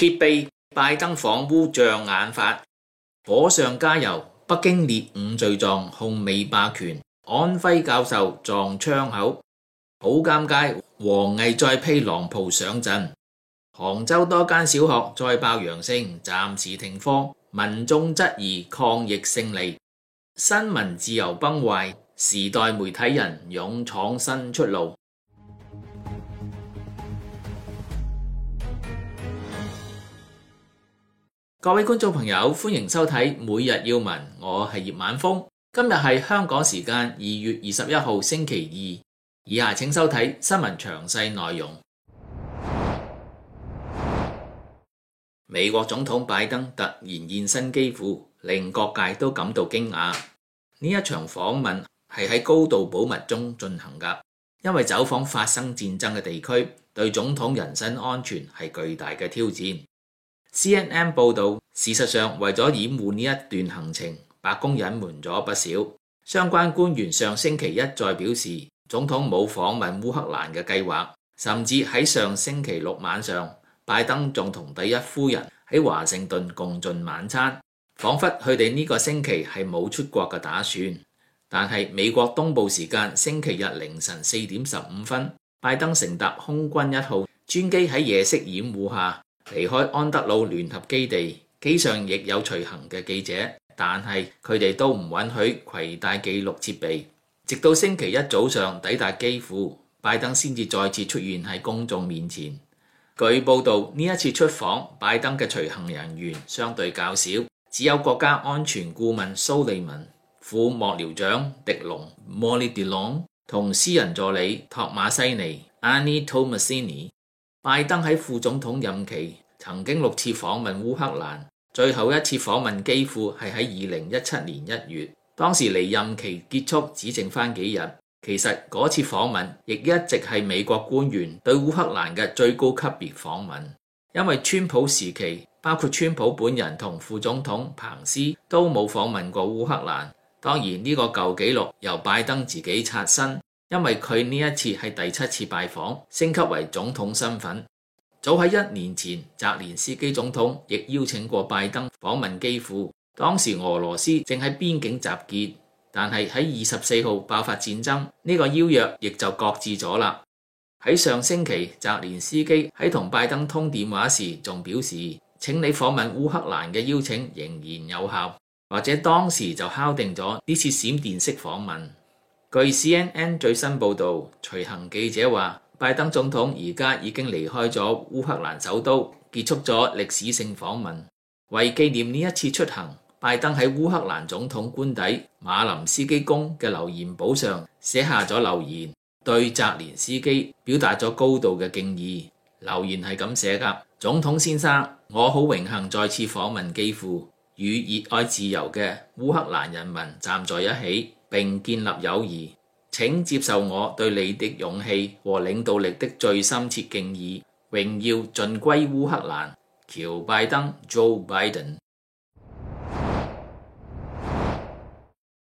揭秘拜登訪烏障眼法，火上加油；北京列五罪狀控美霸權，安徽教授撞窗口，好尷尬。王毅再披狼袍上陣，杭州多間小學再爆陽性，暫時停課。民眾質疑抗疫勝利，新聞自由崩壞，時代媒體人勇闖新出路。各位觀眾朋友，歡迎收睇《每日要聞》，我係葉晚風。今日係香港時間二月二十一號星期二，以下請收睇新聞詳細內容。美國總統拜登突然現身基輔，令各界都感到驚訝。呢一場訪問係喺高度保密中進行噶，因為走訪發生戰爭嘅地區，對總統人身安全係巨大嘅挑戰。CNN 報道，事實上為咗掩護呢一段行程，白宮隱瞞咗不少。相關官員上星期一再表示，總統冇訪問烏克蘭嘅計劃，甚至喺上星期六晚上，拜登仲同第一夫人喺華盛頓共進晚餐，彷彿佢哋呢個星期係冇出國嘅打算。但係美國東部時間星期日凌晨四點十五分，拜登乘搭空軍一號專機喺夜色掩護下，離開安德魯聯合基地，機上亦有隨行嘅記者，但係佢哋都唔允許攜帶記錄設備。直到星期一早上抵達機庫，拜登先至再次出現喺公眾面前。據報道，呢一次出訪，拜登嘅隨行人員相對較少，只有國家安全顧問蘇利文、副幕僚長迪龍莫利迪龍同私人助理托馬西尼安妮托馬西尼。Annie 拜登喺副總統任期曾經六次訪問烏克蘭，最後一次訪問基輔係喺二零一七年一月，當時離任期結束只剩翻幾日。其實嗰次訪問亦一直係美國官員對烏克蘭嘅最高級別訪問，因為川普時期包括川普本人同副總統彭斯都冇訪問過烏克蘭。當然呢個舊紀錄由拜登自己刷新。因為佢呢一次係第七次拜訪，升級為總統身份。早喺一年前，澤連斯基總統亦邀請過拜登訪問基輔。當時俄羅斯正喺邊境集結，但係喺二十四號爆發戰爭，呢個邀約亦就擱置咗啦。喺上星期，澤連斯基喺同拜登通電話時，仲表示，請你訪問烏克蘭嘅邀請仍然有效，或者當時就敲定咗呢次閃電式訪問。據 CNN 最新報導，隨行記者話，拜登總統而家已經離開咗烏克蘭首都，結束咗歷史性訪問。為紀念呢一次出行，拜登喺烏克蘭總統官邸馬林斯基宮嘅留言簿上寫下咗留言，對澤連斯基表達咗高度嘅敬意。留言係咁寫噶：總統先生，我好榮幸再次訪問基輔，與熱愛自由嘅烏克蘭人民站在一起。並建立友誼，請接受我對你的勇氣和領導力的最深切敬意。榮耀盡歸烏克蘭，喬拜登 （Joe Biden）。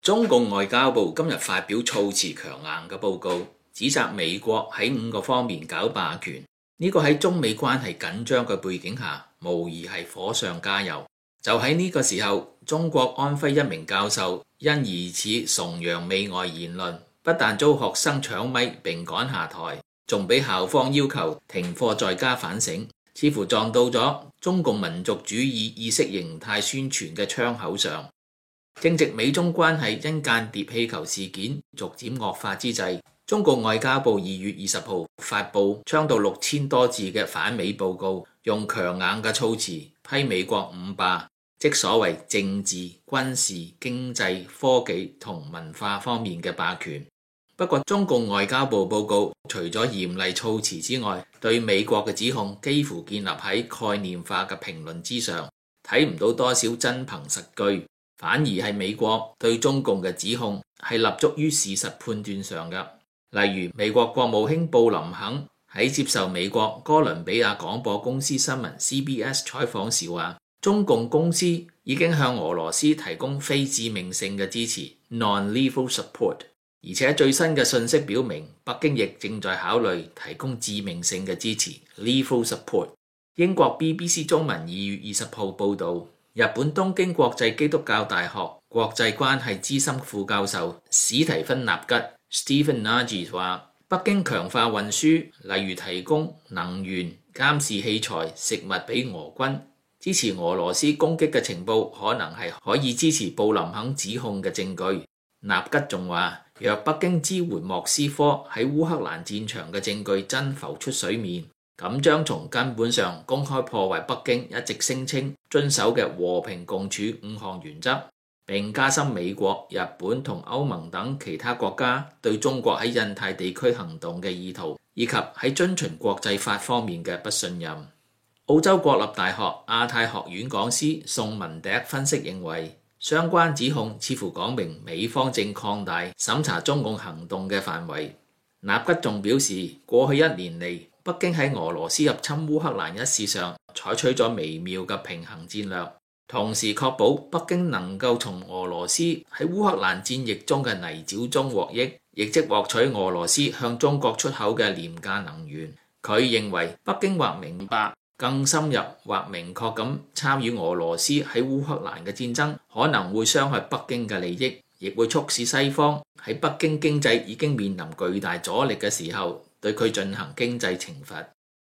中共外交部今日發表措辭強硬嘅報告，指責美國喺五個方面搞霸權。呢個喺中美關係緊張嘅背景下，無疑係火上加油。就喺呢個時候，中國安徽一名教授因疑似崇洋媚外言論，不但遭學生搶麥並趕下台，仲俾校方要求停課在家反省，似乎撞到咗中共民族主義意識形態宣傳嘅槍口上。正值美中關係因間諜氣球事件逐漸惡化之際，中國外交部二月二十號發布長達六千多字嘅反美報告，用強硬嘅措辭批美國五霸。即所謂政治、軍事、經濟、科技同文化方面嘅霸權。不過，中共外交部報告除咗嚴厲措辭之外，對美國嘅指控幾乎建立喺概念化嘅評論之上，睇唔到多少真憑實據，反而係美國對中共嘅指控係立足於事實判斷上嘅。例如，美國國務卿布林肯喺接受美國哥倫比亞廣播公司新聞 （CBS） 採訪時話：中共公司已經向俄羅斯提供非致命性嘅支持 （non-lethal support），而且最新嘅信息表明，北京亦正在考慮提供致命性嘅支持 （lethal support）。英國 BBC 中文二月二十號報導，日本東京國際基督教大學國際關係資深副教授史提芬納吉 （Stephen Nagy） 話：北京強化運輸，例如提供能源、監視器材、食物俾俄軍。支持俄羅斯攻擊嘅情報可能係可以支持布林肯指控嘅證據。納吉仲話，若北京支援莫斯科喺烏克蘭戰場嘅證據真浮出水面，咁將從根本上公開破壞北京一直聲稱遵守嘅和平共處五項原則，並加深美國、日本同歐盟等其他國家對中國喺印太地區行動嘅意圖，以及喺遵循國際法方面嘅不信任。澳洲國立大學亞太學院講師宋文笛分析認為，相關指控似乎講明美方正擴大審查中共行動嘅範圍。納吉仲表示，過去一年嚟，北京喺俄羅斯入侵烏克蘭一事上採取咗微妙嘅平衡戰略，同時確保北京能夠從俄羅斯喺烏克蘭戰役中嘅泥沼中獲益，亦即獲取俄羅斯向中國出口嘅廉價能源。佢認為，北京或明白。更深入或明確咁參與俄羅斯喺烏克蘭嘅戰爭可能會傷害北京嘅利益，亦會促使西方喺北京經濟已經面臨巨大阻力嘅時候，對佢進行經濟懲罰。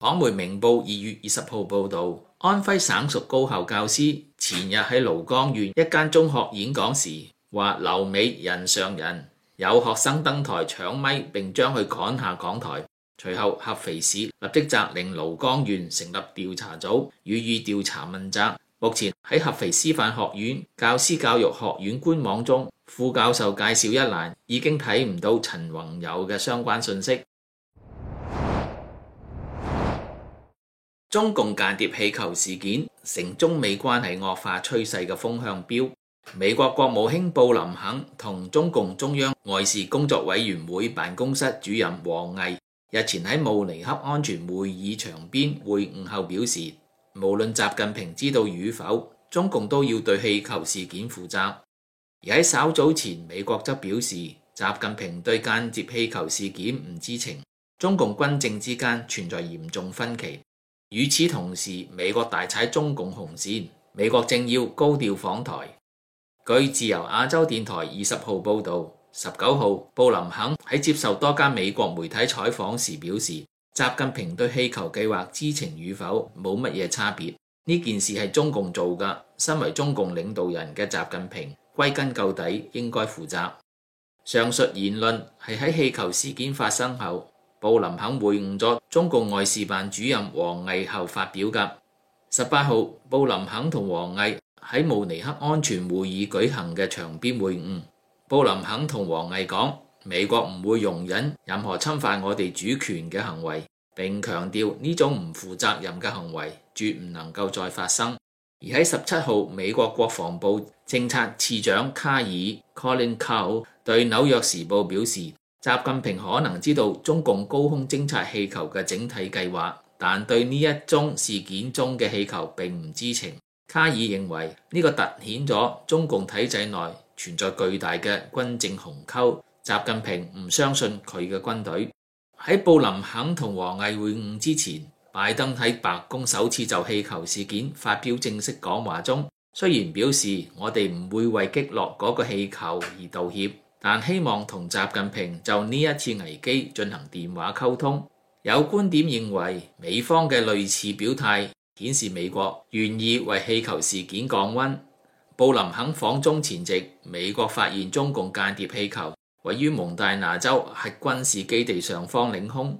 港媒明報二月二十號報道，安徽省屬高校教師前日喺廬江縣一間中學演講時話，留美人上人，有學生登台搶咪並將佢趕下講台。隨後合肥市立即責令廬江縣成立調查組，予以調查問責。目前喺合肥師範學院教師教育學院官網中，副教授介紹一欄已經睇唔到陳宏友嘅相關信息。中共間諜氣球事件成中美關係惡化趨勢嘅風向標。美國國務卿布林肯同中共中央外事工作委員會辦公室主任王毅。日前喺慕尼黑安全會議場邊會晤後表示，無論習近平知道與否，中共都要對氣球事件負責。而喺稍早前，美國則表示，習近平對間接氣球事件唔知情，中共軍政之間存在嚴重分歧。與此同時，美國大踩中共紅線，美國政要高調訪台。據自由亞洲電台二十號報導。十九號，布林肯喺接受多間美國媒體採訪時表示，習近平對氣球計劃知情與否冇乜嘢差別。呢件事係中共做嘅，身為中共領導人嘅習近平，歸根究底應該負責。上述言論係喺氣球事件發生後，布林肯會晤咗中共外事辦主任王毅後發表嘅。十八號，布林肯同王毅喺慕尼黑安全會議舉行嘅場邊會晤。布林肯同王毅講，美國唔會容忍任何侵犯我哋主權嘅行為，並強調呢種唔負責任嘅行為絕唔能夠再發生。而喺十七號，美國國防部政策次長卡爾 Colin Kahl 對紐約時報表示，習近平可能知道中共高空偵察氣球嘅整體計劃，但對呢一宗事件中嘅氣球並唔知情。卡爾認為呢、這個凸顯咗中共體制內存在巨大嘅軍政鴻溝，習近平唔相信佢嘅軍隊。喺布林肯同王毅會晤之前，拜登喺白宮首次就氣球事件發表正式講話中，雖然表示我哋唔會為擊落嗰個氣球而道歉，但希望同習近平就呢一次危機進行電話溝通。有觀點認為美方嘅類似表態顯示美國願意為氣球事件降温。布林肯訪中前夕，美國發現中共間諜氣球位於蒙大拿州核軍事基地上方領空。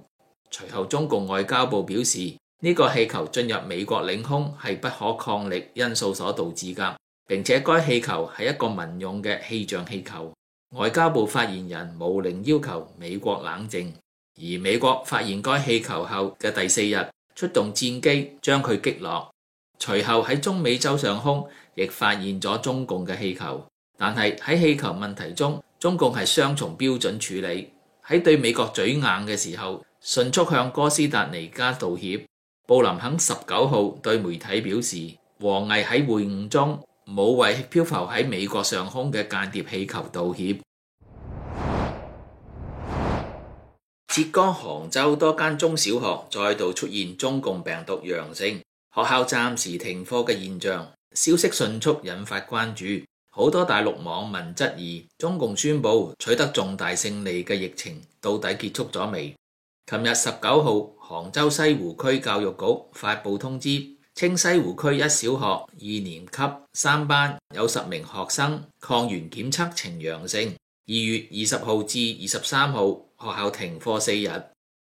隨後，中共外交部表示，呢、這個氣球進入美國領空係不可抗力因素所導致㗎，並且該氣球係一個民用嘅氣象氣球。外交部發言人毛寧要求美國冷靜。而美國發現該氣球後嘅第四日，出動戰機將佢擊落。隨後喺中美洲上空。亦發現咗中共嘅氣球，但係喺氣球問題中，中共係雙重標準處理。喺對美國嘴硬嘅時候，迅速向哥斯達尼加道歉。布林肯十九號對媒體表示，王毅喺會晤中冇為漂浮喺美國上空嘅間諜氣球道歉。浙江杭州多間中小學再度出現中共病毒陽性，學校暫時停課嘅現象。消息迅速引發關注，好多大陸網民質疑中共宣佈取得重大勝利嘅疫情到底結束咗未？琴日十九號，杭州西湖區教育局發佈通知，稱西湖區一小學二年級三班有十名學生抗原檢測呈陽性，二月二十號至二十三號學校停課四日。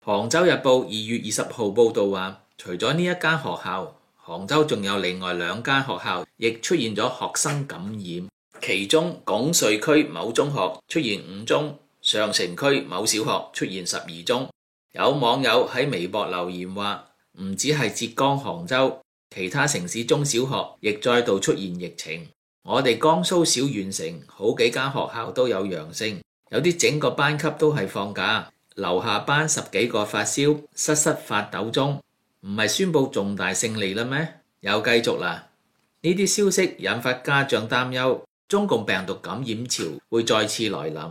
杭州日報二月二十號報道話，除咗呢一間學校。杭州仲有另外兩間學校，亦出現咗學生感染，其中拱墅區某中學出現五宗，上城區某小學出現十二宗。有網友喺微博留言話：唔止係浙江杭州，其他城市中小學亦再度出現疫情。我哋江蘇小縣城好幾間學校都有陽性，有啲整個班級都係放假，留下班十幾個發燒、瑟瑟發抖中。唔係宣布重大勝利啦咩？又繼續啦！呢啲消息引發家長擔憂，中共病毒感染潮會再次來臨。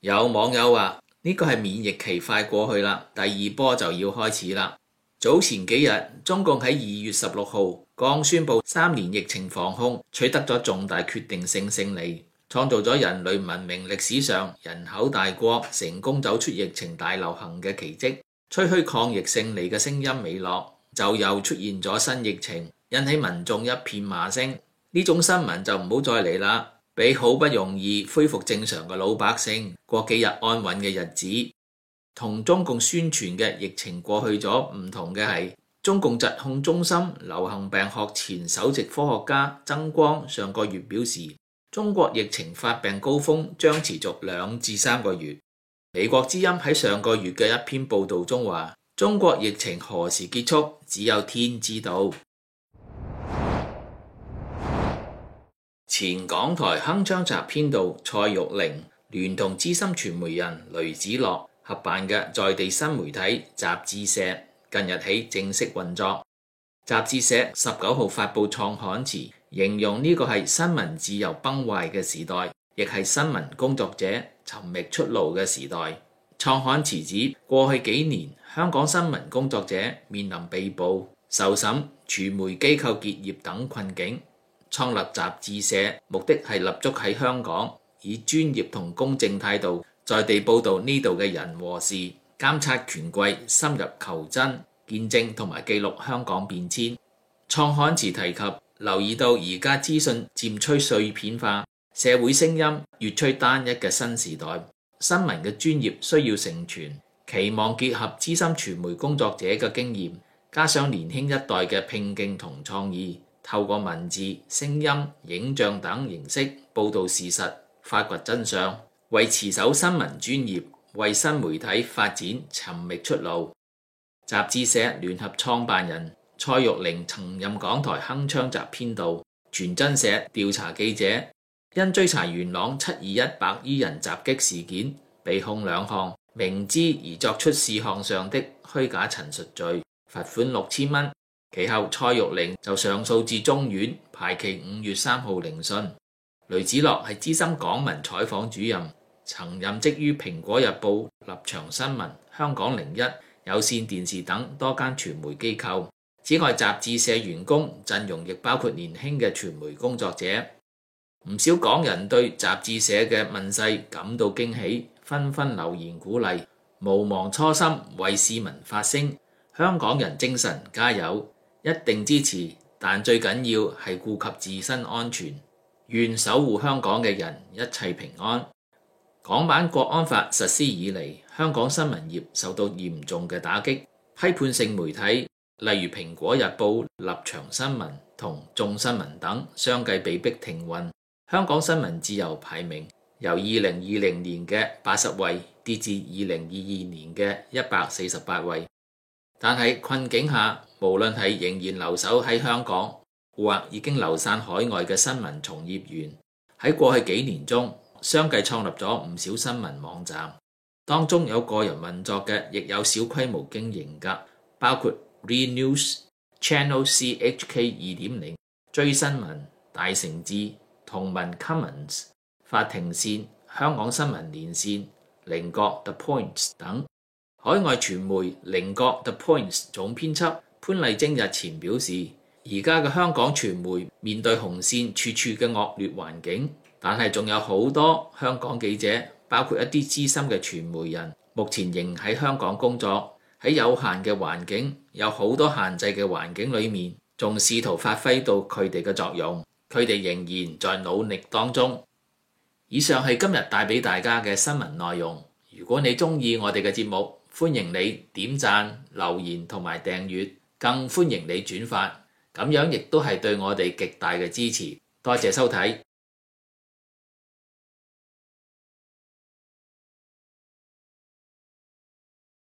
有網友話：呢個係免疫期快過去啦，第二波就要開始啦。早前幾日，中共喺二月十六號剛宣布三年疫情防控取得咗重大決定性勝利，創造咗人類文明歷史上人口大國成功走出疫情大流行嘅奇跡。吹噓抗疫勝利嘅聲音未落，就又出現咗新疫情，引起民眾一片罵聲。呢種新聞就唔好再嚟啦！畀好不容易恢復正常嘅老百姓過幾日安穩嘅日子，同中共宣傳嘅疫情過去咗唔同嘅係，中共疾控中心流行病學前首席科學家曾光上個月表示，中國疫情發病高峰將持續兩至三個月。美國之音喺上個月嘅一篇報道中話，中國疫情何時結束，只有天知道。前港台鏗鏘集編導蔡玉玲，聯同資深傳媒人雷子樂合辦嘅在地新媒體雜誌社，近日起正式運作。雜誌社十九號發布創刊詞，形容呢個係新聞自由崩壞嘅時代。亦係新聞工作者尋覓出路嘅時代。創刊詞指過去幾年，香港新聞工作者面臨被捕、受審、傳媒機構結業等困境。創立雜誌社目的係立足喺香港，以專業同公正態度，在地報導呢度嘅人和事，監察權貴，深入求真，見證同埋記錄香港變遷。創刊詞提及留意到而家資訊漸趨碎片化，社會聲音越趨單一嘅新時代，新聞嘅專業需要承傳，期望結合資深傳媒工作者嘅經驗，加上年輕一代嘅拼勁同創意，透過文字、聲音、影像等形式報導事實，發掘真相，為持守新聞專業、為新媒體發展尋覓出路。雜誌社聯合創辦人蔡玉玲曾任港台《鏗鏘集》編導，傳真社調查記者。因追查元朗七二一白衣人襲擊事件，被控兩項明知而作出事項上的虛假陳述罪，罰款六千蚊。其後蔡玉玲就上訴至中院，排期五月三號聆訊。雷子樂係資深港聞採訪主任，曾任職於蘋果日報、立場新聞、香港零一、有線電視等多間傳媒機構，此外，雜誌社員工陣容亦包括年輕嘅傳媒工作者。唔少港人對雜誌社嘅問世感到驚喜，紛紛留言鼓勵，毋忘初心，為市民發聲。香港人精神，加油！一定支持，但最緊要係顧及自身安全，願守護香港嘅人一切平安。港版國安法實施以嚟，香港新聞業受到嚴重嘅打擊，批判性媒體例如《蘋果日報》、《立場新聞》同《眾新聞》等相繼被逼停運。香港新聞自由排名由二零二零年嘅八十位跌至二零二二年嘅一百四十八位，但係困境下，無論係仍然留守喺香港或已經流散海外嘅新聞從業員，喺過去幾年中相繼創立咗唔少新聞網站，當中有個人運作嘅，亦有小規模經營嘅，包括 Re News Channel C H K 二點零、追新聞、大城志。《同文 Comments》、法庭線、香港新聞連線、棱角 The Points 等海外傳媒。《棱角 The Points》總編輯潘麗晶日前表示：而家嘅香港傳媒面對紅線處處嘅惡劣環境，但係仲有好多香港記者，包括一啲資深嘅傳媒人，目前仍喺香港工作。喺有限嘅環境，有好多限制嘅環境裡面，仲試圖發揮到佢哋嘅作用。佢哋仍然在努力當中。以上係今日帶俾大家嘅新聞內容。如果你鍾意我哋嘅節目，歡迎你點讚、留言同埋訂閱，更歡迎你轉發，咁樣亦都係對我哋極大嘅支持。多謝收睇。